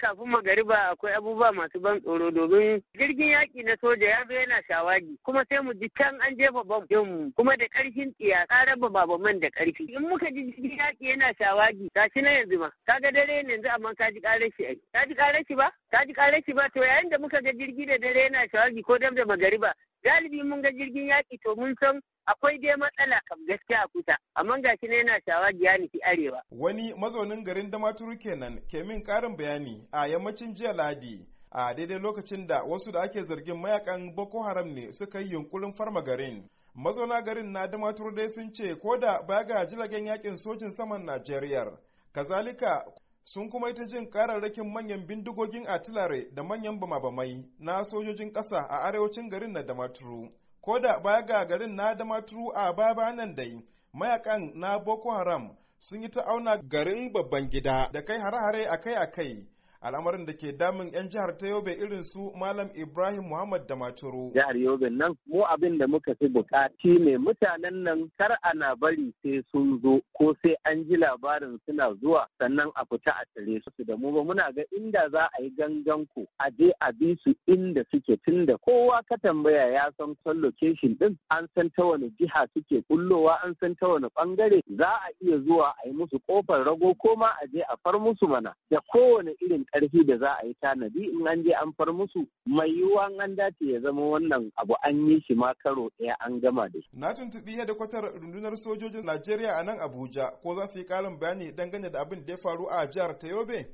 kafin magariba akwai abubuwa masu ban tsoro domin jirgin yaƙi na soja ya zo yana shawagi kuma sai mu ji can an jefa bam mu kuma da ƙarfin tsiya ka raba man da ƙarfi in muka ji jirgin yaƙi yana shawagi shi na yanzu ma kaga dare ne yanzu amma ka ji ƙarar shi ai ka ji ƙarar shi ba ka ji ƙarar shi ba to yayin da muka ga jirgi da dare yana shawagi ko dam da magariba galibi mun ga jirgin yaƙi to mun san akwai dai matsala kam gaskiya a kusa amma ga shi ne yana shawagiya fi arewa. Wani mazaunin garin Damaturu kenan ke min karin bayani a yammacin jiya Ladi a daidai lokacin da wasu da ake zargin mayakan Boko Haram ne suka yi yunkurin farma garin. Mazauna garin na Damaturu dai sun ce ko da baya ga jiragen yakin sojin saman Najeriya. Kazalika sun kuma yi ta jin kararrakin manyan bindigogin atilare da manyan bamabamai. na sojojin ƙasa a arewacin garin na damaturu ko da baya ga garin na damaturu a baba nan dai mayakan na boko haram sun yi ta auna garin babban gida da kai hare-hare akai-akai al'amarin da ke damun 'yan jihar ta yobe irin su malam ibrahim muhammad da maturu jihar yobe nan mu abin da muka fi bukaci ne mutanen nan kar ana bari sai sun zo ko sai an ji labarin suna zuwa sannan a fita a tare su da mu ba muna ga inda za a yi gangan ku a je a bi su inda suke tunda kowa ka tambaya ya san son location din an san ta wani jiha suke kullowa an san ta wani bangare za a iya zuwa a yi musu kofar rago ko ma a je a far musu mana da kowane irin ƙarfi da za a yi tanadi in an je an far musu mai yiwuwa an dace ya zama wannan abu an yi shi ma karo ɗaya an gama da shi. Na tuntuɓi kwatar rundunar sojojin Najeriya a nan Abuja ko za su yi ƙarin bayani dangane da abin da ya faru a jihar ta Yobe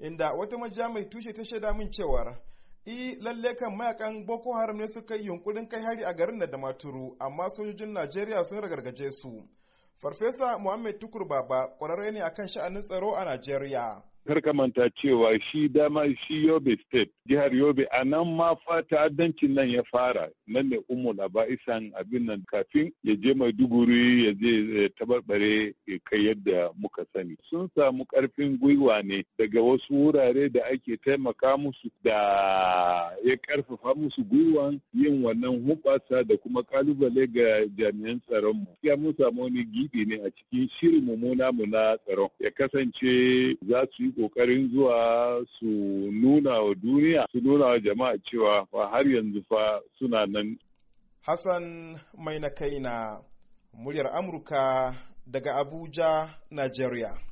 inda wata maja mai tushe ta shaida min cewa I lalle kan mayakan Boko Haram ne suka yi yunkurin kai hari a garin da maturu amma sojojin Najeriya sun ragargaje su. Farfesa Muhammad Tukur Baba ƙwararre ne akan sha'anin tsaro a Najeriya. Kar ka manta cewa shi dama shi Yobe State, jihar Yobe a nan ma adancin nan ya fara, nan ne Ummu Laba'isan abin nan kafin ya je Maiduguri ya je eh, tabarbare kai yadda muka sani. Sun samu ƙarfin gwiwa ne daga wasu wurare da ake taimaka musu da zai karfafa musu gwiwan yin wannan hubasa da kuma kalubale ga jami'an tsaron mu. Ya mun samu wani gibi ne a cikin shirin mu na tsaron. Ya kasance za su yi kokarin zuwa su nuna wa duniya su nuna wa jama'a cewa ba har yanzu fa suna nan. Hassan mai na kai na muryar Amurka daga Abuja, Najeriya.